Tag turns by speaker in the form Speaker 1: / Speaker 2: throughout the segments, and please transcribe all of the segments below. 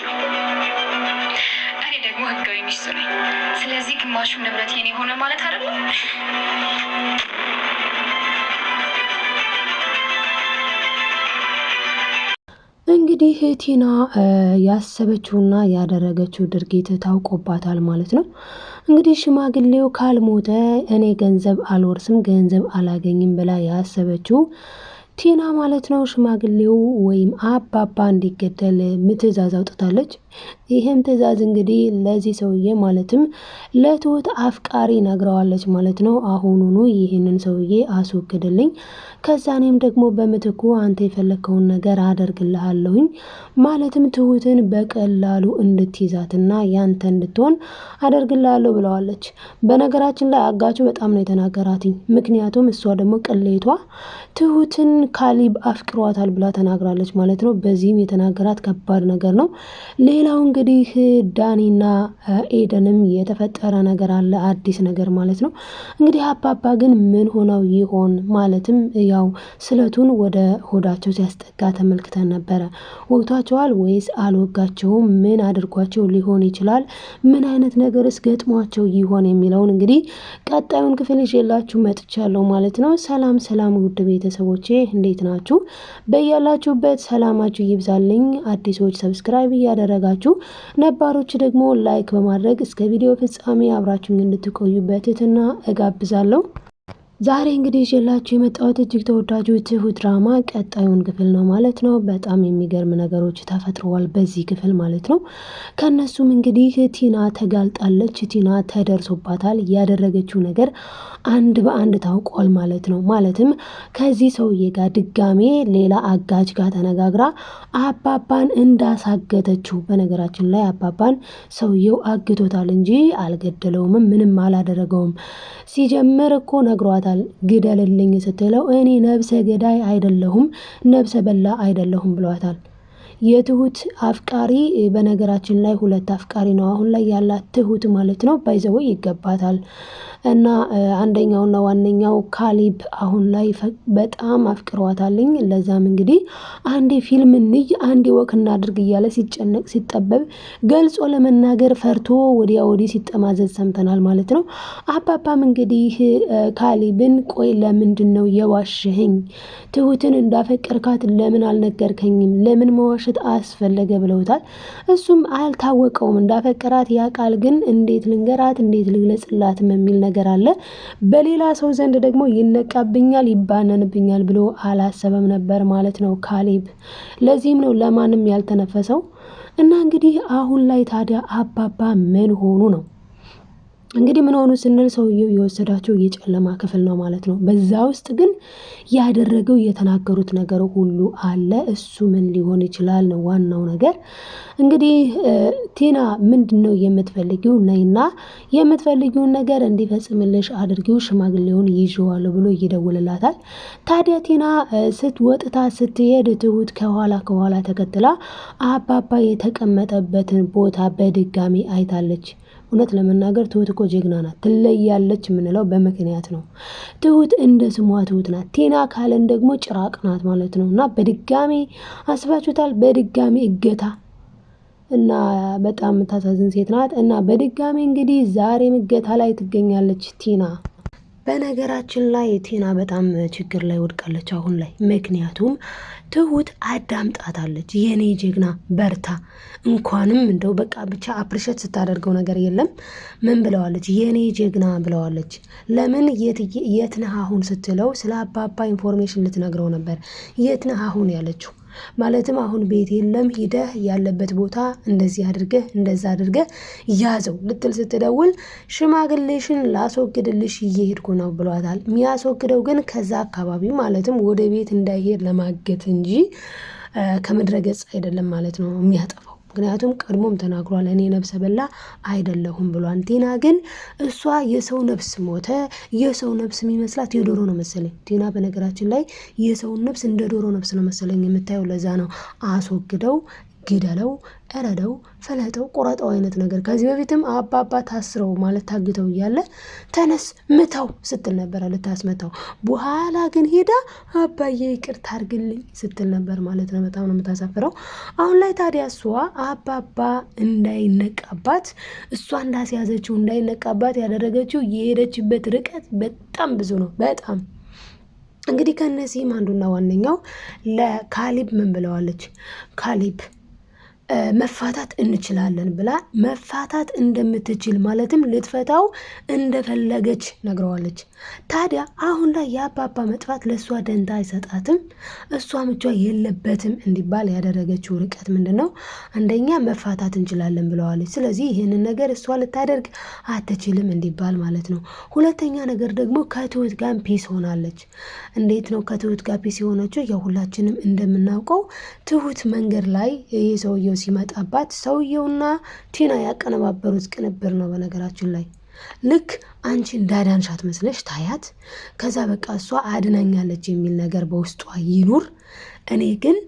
Speaker 1: ግማሽ ነው። እኔ ደግሞ ህጋዊ ሚስት ነኝ። ስለዚህ ግማሹ ንብረት የኔ ሆነ ማለት አይደለም።
Speaker 2: እንግዲህ ቲና ያሰበችውና ያደረገችው ድርጊት ታውቆባታል ማለት ነው። እንግዲህ ሽማግሌው ካልሞተ እኔ ገንዘብ አልወርስም፣ ገንዘብ አላገኝም ብላ ያሰበችው ቲና ማለት ነው ሽማግሌው ወይም አባባ እንዲገደል ምትእዛዝ አውጥታለች። ይህም ትዕዛዝ እንግዲህ ለዚህ ሰውዬ ማለትም ለትሁት አፍቃሪ ነግረዋለች ማለት ነው። አሁኑኑ ይህንን ሰውዬ አስወግድልኝ፣ ከዛኔም ደግሞ በምትኩ አንተ የፈለግከውን ነገር አደርግልሃለሁኝ ማለትም ትሁትን በቀላሉ እንድትይዛትና ያንተ እንድትሆን አደርግልሃለሁ ብለዋለች። በነገራችን ላይ አጋቹ በጣም ነው የተናገራትኝ። ምክንያቱም እሷ ደግሞ ቅሌቷ ትሁትን ካሊብ አፍቅሯታል ብላ ተናግራለች ማለት ነው። በዚህም የተናገራት ከባድ ነገር ነው። ሌላው እንግዲህ እንግዲህ ዳኒና ኤደንም የተፈጠረ ነገር አለ፣ አዲስ ነገር ማለት ነው። እንግዲህ አባባ ግን ምን ሆነው ይሆን ማለትም ያው ስለቱን ወደ ሆዳቸው ሲያስጠጋ ተመልክተን ነበረ። ወግቷቸዋል ወይስ አልወጋቸውም? ምን አድርጓቸው ሊሆን ይችላል? ምን አይነት ነገርስ ገጥሟቸው ይሆን የሚለውን እንግዲህ ቀጣዩን ክፍል ይዤላችሁ መጥቻለሁ ማለት ነው። ሰላም ሰላም፣ ውድ ቤተሰቦቼ እንዴት ናችሁ? በያላችሁበት ሰላማችሁ ይብዛልኝ። አዲሶች ሰብስክራይብ እያደረጋችሁ ነባሮች ደግሞ ላይክ በማድረግ እስከ ቪዲዮ ፍጻሜ አብራችሁ እንድትቆዩ በትህትና እጋብዛለሁ። ዛሬ እንግዲህ ይዤላችሁ የመጣሁት እጅግ ተወዳጁ ትሁት ድራማ ቀጣዩን ክፍል ነው ማለት ነው። በጣም የሚገርም ነገሮች ተፈጥረዋል በዚህ ክፍል ማለት ነው። ከእነሱም እንግዲህ ቲና ተጋልጣለች፣ ቲና ተደርሶባታል። ያደረገችው ነገር አንድ በአንድ ታውቋል ማለት ነው። ማለትም ከዚህ ሰውዬ ጋር ድጋሜ ሌላ አጋጅ ጋር ተነጋግራ አባባን እንዳሳገተችው። በነገራችን ላይ አባባን ሰውየው አግቶታል እንጂ አልገደለውምም፣ ምንም አላደረገውም። ሲጀምር እኮ ነግሯታል ይሞታል ግደልልኝ ስትለው እኔ ነብሰ ገዳይ አይደለሁም ነብሰ በላ አይደለሁም ብሏታል። የትሁት አፍቃሪ በነገራችን ላይ ሁለት አፍቃሪ ነው አሁን ላይ ያላት ትሁት ማለት ነው። ባይዘወይ ይገባታል። እና አንደኛውና ዋነኛው ካሊብ አሁን ላይ በጣም አፍቅሯታለኝ። ለዛም እንግዲህ አንዴ ፊልም እንይ፣ አንዴ ወክ እናድርግ እያለ ሲጨነቅ ሲጠበብ ገልጾ ለመናገር ፈርቶ ወዲያ ወዲህ ሲጠማዘዝ ሰምተናል ማለት ነው። አባባም እንግዲህ ካሊብን ቆይ ለምንድን ነው የዋሸኸኝ? ትሁትን እንዳፈቀርካት ለምን አልነገርከኝም? ለምን መዋሸት አስፈለገ? ብለውታል። እሱም አልታወቀውም እንዳፈቀራት ያውቃል፣ ግን እንዴት ልንገራት፣ እንዴት ልግለጽላትም የሚል ነገር ነገር አለ። በሌላ ሰው ዘንድ ደግሞ ይነቃብኛል፣ ይባነንብኛል ብሎ አላሰበም ነበር ማለት ነው ካሌብ። ለዚህም ነው ለማንም ያልተነፈሰው እና እንግዲህ አሁን ላይ ታዲያ አባባ ምን ሆኑ ነው? እንግዲህ ምን ሆኑ ስንል ሰውየው የወሰዳቸው የጨለማ ክፍል ነው ማለት ነው። በዛ ውስጥ ግን ያደረገው የተናገሩት ነገር ሁሉ አለ። እሱ ምን ሊሆን ይችላል ነው ዋናው ነገር። እንግዲህ ቴና ምንድን ነው የምትፈልጊው? ነይና የምትፈልጊውን ነገር እንዲፈጽምልሽ አድርጊው፣ ሽማግሌውን ይዤዋለሁ ብሎ ይደውልላታል። ታዲያ ቲና ስትወጥታ ስትሄድ ትሁት ከኋላ ከኋላ ተከትላ አባባ የተቀመጠበትን ቦታ በድጋሚ አይታለች። እውነት ለመናገር ትሁት እኮ ጀግና ናት። ትለያለች የምንለው በምክንያት ነው። ትሁት እንደ ስሟ ትሁት ናት። ቲና ካለን ደግሞ ጭራቅ ናት ማለት ነው። እና በድጋሚ አስባችሁታል። በድጋሚ እገታ እና በጣም የምታሳዝን ሴት ናት። እና በድጋሚ እንግዲህ ዛሬም እገታ ላይ ትገኛለች ቲና በነገራችን ላይ ቴና በጣም ችግር ላይ ወድቃለች አሁን ላይ። ምክንያቱም ትሁት አዳምጣታለች። የኔ ጀግና በርታ፣ እንኳንም እንደው በቃ ብቻ አፕሪሸት ስታደርገው ነገር የለም። ምን ብለዋለች? የኔ ጀግና ብለዋለች። ለምን የት ነህ አሁን ስትለው ስለ አባባ ኢንፎርሜሽን ልትነግረው ነበር። የት ነህ አሁን ያለችው ማለትም አሁን ቤት የለም ሂደህ ያለበት ቦታ እንደዚህ አድርገህ እንደዛ አድርገህ ያዘው ልትል ስትደውል ሽማግሌሽን ላስወግድልሽ እየሄድኩ ነው ብሏታል። የሚያስወግደው ግን ከዛ አካባቢ ማለትም ወደ ቤት እንዳይሄድ ለማገት እንጂ ከምድረገጽ አይደለም ማለት ነው የሚያጠፋው ምክንያቱም ቀድሞም ተናግሯል። እኔ ነብሰ በላ አይደለሁም ብሏል። ቲና ግን እሷ የሰው ነብስ ሞተ የሰው ነብስ የሚመስላት የዶሮ ነው መሰለኝ። ቲና በነገራችን ላይ የሰውን ነብስ እንደ ዶሮ ነብስ ነው መሰለኝ የምታየው። ለዛ ነው አስወግደው ግደለው እረደው፣ ፈለጠው ቁረጠው አይነት ነገር ከዚህ በፊትም አባባ ታስረው ማለት ታግተው እያለ ተነስ ምተው ስትል ነበረ ልታስመታው። በኋላ ግን ሄዳ አባዬ ይቅርታ አድርግልኝ ስትል ነበር ማለት ነው። በጣም ነው የምታሳፍረው። አሁን ላይ ታዲያ እሷ አባባ እንዳይነቃባት እሷ እንዳስያዘችው እንዳይነቃባት ያደረገችው የሄደችበት ርቀት በጣም ብዙ ነው። በጣም እንግዲህ ከእነዚህም አንዱና ዋነኛው ለካሊብ ምን ብለዋለች? ካሊብ መፋታት እንችላለን ብላ መፋታት እንደምትችል ማለትም ልትፈታው እንደፈለገች ነግረዋለች። ታዲያ አሁን ላይ የአባባ መጥፋት ለእሷ ደንታ አይሰጣትም፣ እሷ ምቿ የለበትም እንዲባል ያደረገችው ርቀት ምንድን ነው? አንደኛ መፋታት እንችላለን ብለዋለች። ስለዚህ ይህንን ነገር እሷ ልታደርግ አትችልም እንዲባል ማለት ነው። ሁለተኛ ነገር ደግሞ ከትሁት ጋር ፒስ ሆናለች። እንዴት ነው ከትሁት ጋር ፒስ የሆነችው? የሁላችንም ሁላችንም እንደምናውቀው ትሁት መንገድ ላይ ይህ ሰውየው ሲመጣባት ሰውየውና ቲና ያቀነባበሩት ቅንብር ነው። በነገራችን ላይ ልክ አንቺ እንዳዳንሻት መስለሽ ታያት። ከዛ በቃ እሷ አድነኛለች የሚል ነገር በውስጧ ይኑር። እኔ ግን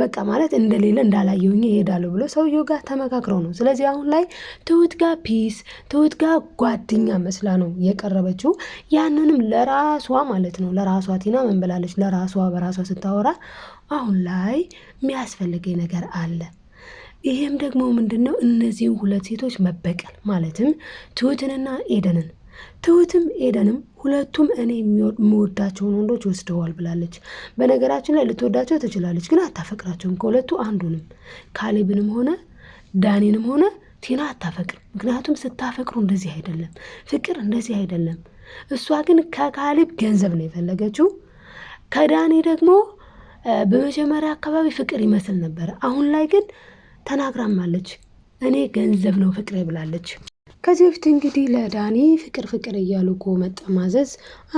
Speaker 2: በቃ ማለት እንደሌለ እንዳላየሁኝ ይሄዳሉ ብሎ ሰውየው ጋር ተመካክረው ነው። ስለዚህ አሁን ላይ ትሁት ጋር ፒስ ትሁት ጋር ጓደኛ መስላ ነው የቀረበችው። ያንንም ለራሷ ማለት ነው ለራሷ ቲና ምን ብላለች? ለራሷ በራሷ ስታወራ አሁን ላይ የሚያስፈልገኝ ነገር አለ። ይህም ደግሞ ምንድን ነው? እነዚህን ሁለት ሴቶች መበቀል ማለትም ትሁትንና ኤደንን ትሁትም ኤደንም ሁለቱም እኔ የምወዳቸውን ወንዶች ወስደዋል ብላለች። በነገራችን ላይ ልትወዳቸው ትችላለች፣ ግን አታፈቅራቸውም። ከሁለቱ አንዱንም ካሌብንም ሆነ ዳኒንም ሆነ ቲና አታፈቅር። ምክንያቱም ስታፈቅሩ እንደዚህ አይደለም፣ ፍቅር እንደዚህ አይደለም። እሷ ግን ከካሌብ ገንዘብ ነው የፈለገችው። ከዳኒ ደግሞ በመጀመሪያ አካባቢ ፍቅር ይመስል ነበረ። አሁን ላይ ግን ተናግራማለች። እኔ ገንዘብ ነው ፍቅሬ ብላለች። ከዚህ በፊት እንግዲህ ለዳኒ ፍቅር ፍቅር እያሉ እኮ መጠማዘዝ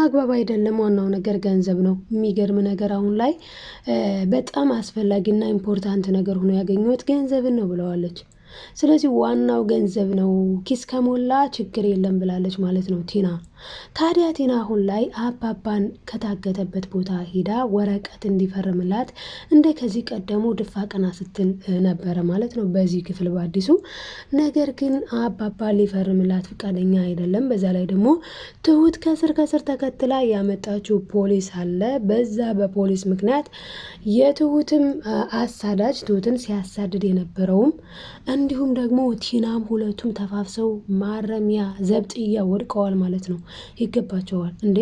Speaker 2: አግባብ አይደለም። ዋናው ነገር ገንዘብ ነው። የሚገርም ነገር አሁን ላይ በጣም አስፈላጊና ኢምፖርታንት ነገር ሆኖ ያገኘሁት ገንዘብን ነው ብለዋለች። ስለዚህ ዋናው ገንዘብ ነው፣ ኪስ ከሞላ ችግር የለም ብላለች ማለት ነው ቲና። ታዲያ ቲና አሁን ላይ አባባን ከታገተበት ቦታ ሄዳ ወረቀት እንዲፈርምላት እንደ ከዚህ ቀደሙ ድፋ ቀና ስትል ነበረ ማለት ነው፣ በዚህ ክፍል በአዲሱ ነገር ግን አባባ ሊፈርምላት ፈቃደኛ አይደለም። በዛ ላይ ደግሞ ትሁት ከስር ከስር ተከትላ ያመጣችው ፖሊስ አለ። በዛ በፖሊስ ምክንያት የትሁትም አሳዳጅ ትሁትን ሲያሳድድ የነበረውም እንዲሁም ደግሞ ቲናም ሁለቱም ተፋፍሰው ማረሚያ ዘብጥያ ወድቀዋል ማለት ነው። ይገባቸዋል እንዴ።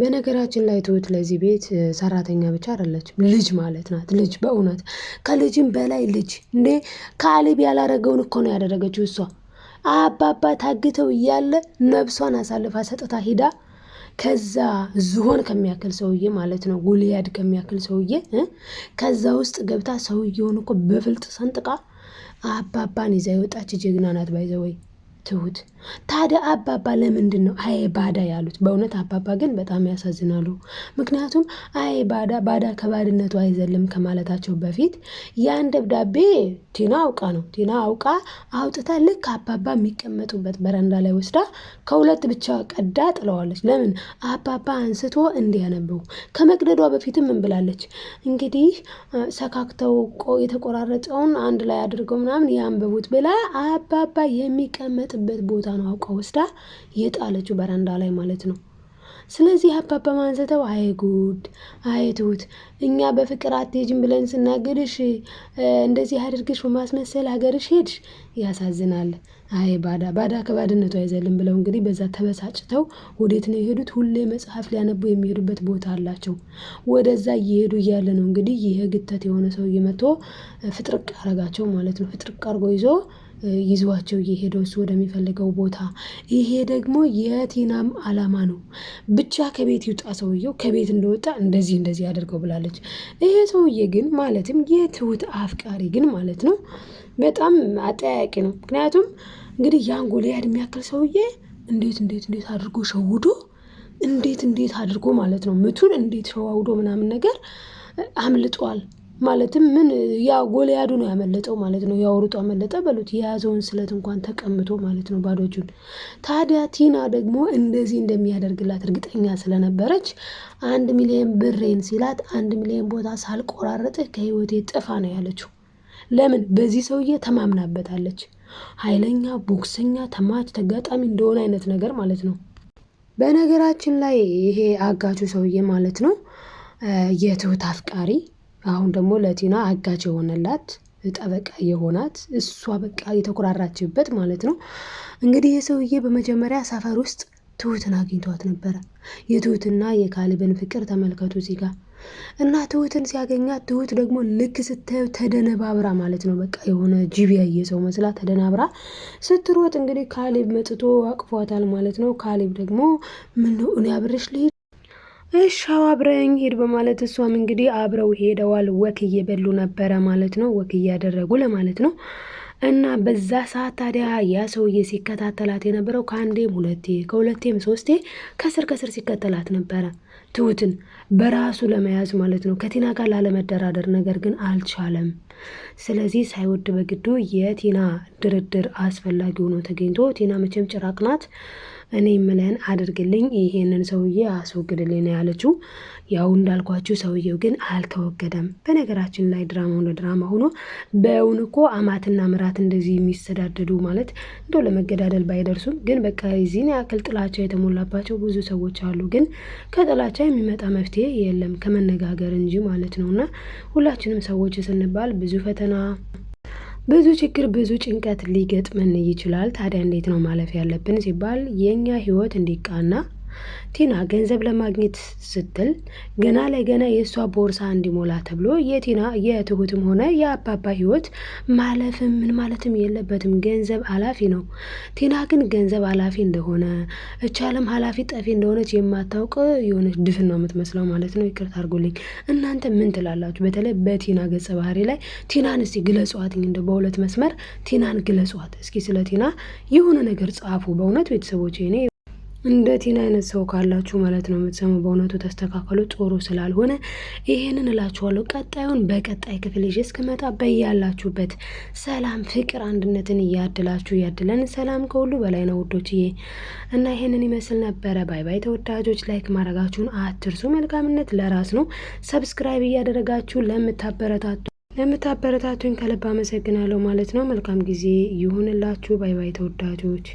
Speaker 2: በነገራችን ላይ ትሁት ለዚህ ቤት ሰራተኛ ብቻ አይደለችም፣ ልጅ ማለት ናት። ልጅ በእውነት ከልጅም በላይ ልጅ እንዴ። ካሊብ ያላረገውን እኮ ነው ያደረገችው እሷ። አባባ ታግተው እያለ ነብሷን አሳልፋ ሰጥታ ሂዳ ከዛ ዝሆን ከሚያክል ሰውዬ ማለት ነው ጉልያድ ከሚያክል ሰውዬ ከዛ ውስጥ ገብታ ሰውዬውን እኮ በፍልጥ ሰንጥቃ አባባን ይዛ የወጣች ጀግና ናት። ባይዘወይ ትሁት ታዲያ አባባ ለምንድን ነው አይ ባዳ ያሉት? በእውነት አባባ ግን በጣም ያሳዝናሉ። ምክንያቱም አይ ባዳ ባዳ ከባድነቱ አይዘልም ከማለታቸው በፊት ያን ደብዳቤ ቲና አውቃ ነው ቲና አውቃ አውጥታ ልክ አባባ የሚቀመጡበት በረንዳ ላይ ወስዳ ከሁለት ብቻ ቀዳ ጥለዋለች። ለምን አባባ አንስቶ እንዲያነበው ከመቅደዷ በፊትም ምን ብላለች? እንግዲህ ሰካክተው የተቆራረጠውን አንድ ላይ አድርገው ምናምን ያንብቡት ብላ አባባ የሚቀመጥበት ቦታ ከዛ አውቀ ወስዳ የጣለችው በረንዳ ላይ ማለት ነው። ስለዚህ አባባ ማንስተው አይ ጉድ አይ ትሁት እኛ በፍቅር አትሄጂም ብለን ስናገድሽ እንደዚህ አድርግሽ በማስመሰል ሀገርሽ ሄድሽ፣ ያሳዝናል። አይ ባዳ ባዳ ከባድነቱ አይዘልም ብለው እንግዲህ በዛ ተበሳጭተው ወዴት ነው የሄዱት? ሁሌ መጽሐፍ ሊያነቡ የሚሄዱበት ቦታ አላቸው። ወደዛ እየሄዱ እያለ ነው እንግዲህ ይህ ግተት የሆነ ሰው እየመቶ ፍጥርቅ አረጋቸው ማለት ነው። ፍጥርቅ አርጎ ይዞ ይዟቸው እየሄደ እሱ ወደሚፈልገው ቦታ። ይሄ ደግሞ የቲናም አላማ ነው። ብቻ ከቤት ይውጣ ሰውየው። ከቤት እንደወጣ እንደዚህ እንደዚህ አድርገው ብላለች። ይሄ ሰውዬ ግን ማለትም የትሁት አፍቃሪ ግን ማለት ነው በጣም አጠያቂ ነው። ምክንያቱም እንግዲህ ያን ጎልያድ የሚያክል ሰውዬ እንዴት እንዴት እንዴት አድርጎ ሸውዶ እንዴት እንዴት አድርጎ ማለት ነው ምቱን እንዴት ሸዋውዶ ምናምን ነገር አምልጧል። ማለትም ምን ያ ጎልያዱ ነው ያመለጠው ማለት ነው። ያው ሩጦ አመለጠ በሉት የያዘውን ስለት እንኳን ተቀምቶ ማለት ነው ባዶ እጁን። ታዲያ ቲና ደግሞ እንደዚህ እንደሚያደርግላት እርግጠኛ ስለነበረች አንድ ሚሊዮን ብሬን ሲላት አንድ ሚሊዮን ቦታ ሳልቆራረጥ ከህይወቴ ጥፋ ነው ያለችው። ለምን በዚህ ሰውዬ ተማምናበታለች። ኃይለኛ ቦክሰኛ፣ ተማች፣ ተጋጣሚ እንደሆነ አይነት ነገር ማለት ነው። በነገራችን ላይ ይሄ አጋቹ ሰውዬ ማለት ነው የትሁት አፍቃሪ አሁን ደግሞ ለቲና አጋጅ የሆነላት ጠበቃ የሆናት እሷ በቃ የተኮራራችበት ማለት ነው። እንግዲህ የሰውዬ በመጀመሪያ ሰፈር ውስጥ ትሁትን አግኝቷት ነበረ። የትሁትና የካሊብን ፍቅር ተመልከቱ እዚህ ጋር እና ትሁትን ሲያገኛት ትሁት ደግሞ ልክ ስታዩ ተደነባብራ ማለት ነው። በቃ የሆነ ጅብ ያየ ሰው መስላ ተደናብራ ስትሮጥ እንግዲህ ካሊብ መጥቶ አቅፏታል ማለት ነው። ካሊብ ደግሞ ምን እኔ ልሂድ እሻው አብረኝ ሄድ በማለት እሷም እንግዲህ አብረው ሄደዋል። ወክ እየበሉ ነበረ ማለት ነው፣ ወክ እያደረጉ ለማለት ነው። እና በዛ ሰዓት ታዲያ ያ ሰውዬ ሲከታተላት የነበረው ከአንዴም ሁለቴ ከሁለቴም ሶስቴ ከስር ከስር ሲከተላት ነበረ ትሁትን በራሱ ለመያዝ ማለት ነው፣ ከቲና ጋር ላለመደራደር ነገር ግን አልቻለም። ስለዚህ ሳይወድ በግዱ የቲና ድርድር አስፈላጊ ሆኖ ተገኝቶ ቲና መቼም ጭራቅ ናት። እኔ ምንህን አድርግልኝ ይሄንን ሰውዬ አስወግድልኝ ነው ያለችው። ያው እንዳልኳችሁ ሰውየው ግን አልተወገደም። በነገራችን ላይ ድራማ ሆነ ድራማ ሆኖ በእውን እኮ አማትና ምራት እንደዚህ የሚሰዳደዱ ማለት እንደው ለመገዳደል ባይደርሱም ግን በቃ የዚህን ያክል ጥላቻ የተሞላባቸው ብዙ ሰዎች አሉ። ግን ከጥላቻ የሚመጣ መፍትሄ የለም ከመነጋገር እንጂ ማለት ነው። እና ሁላችንም ሰዎች ስንባል ብዙ ፈተና ብዙ ችግር ብዙ ጭንቀት ሊገጥመን ይችላል። ታዲያ እንዴት ነው ማለፍ ያለብን ሲባል የእኛ ህይወት እንዲቃና ቲና ገንዘብ ለማግኘት ስትል ገና ለገና የእሷ ቦርሳ እንዲሞላ ተብሎ የቲና የትሁትም ሆነ የአባባ ህይወት ማለፍም ምን ማለትም የለበትም። ገንዘብ አላፊ ነው። ቲና ግን ገንዘብ አላፊ እንደሆነ እቻለም ኃላፊ ጠፊ እንደሆነች የማታውቅ የሆነች ድፍን ነው የምትመስለው ማለት ነው። ይቅርታ አድርጎልኝ። እናንተ ምን ትላላችሁ? በተለይ በቲና ገጸ ባህሪ ላይ ቲናን እስቲ ግለጽዋት፣ እንደ በሁለት መስመር ቲናን ግለጽዋት እስኪ። ስለ ቲና የሆነ ነገር ጻፉ። በእውነት ቤተሰቦች እኔ እንደ ቲና አይነት ሰው ካላችሁ ማለት ነው የምትሰሙ፣ በእውነቱ ተስተካከሉ። ጥሩ ስላልሆነ ይሄንን እላችኋለሁ። ቀጣዩን በቀጣይ ክፍል ይዤ እስክመጣ በያላችሁበት ሰላም፣ ፍቅር፣ አንድነትን እያድላችሁ እያድለን። ሰላም ከሁሉ በላይ ነው ውዶችዬ፣ እና ይሄንን ይመስል ነበረ። ባይ ባይ ተወዳጆች። ላይክ ማድረጋችሁን አትርሱ። መልካምነት ለራስ ነው። ሰብስክራይብ እያደረጋችሁ ለምታበረታቱ ለምታበረታቱኝ ከልብ አመሰግናለሁ ማለት ነው። መልካም ጊዜ ይሁንላችሁ። ባይ ባይ ተወዳጆች።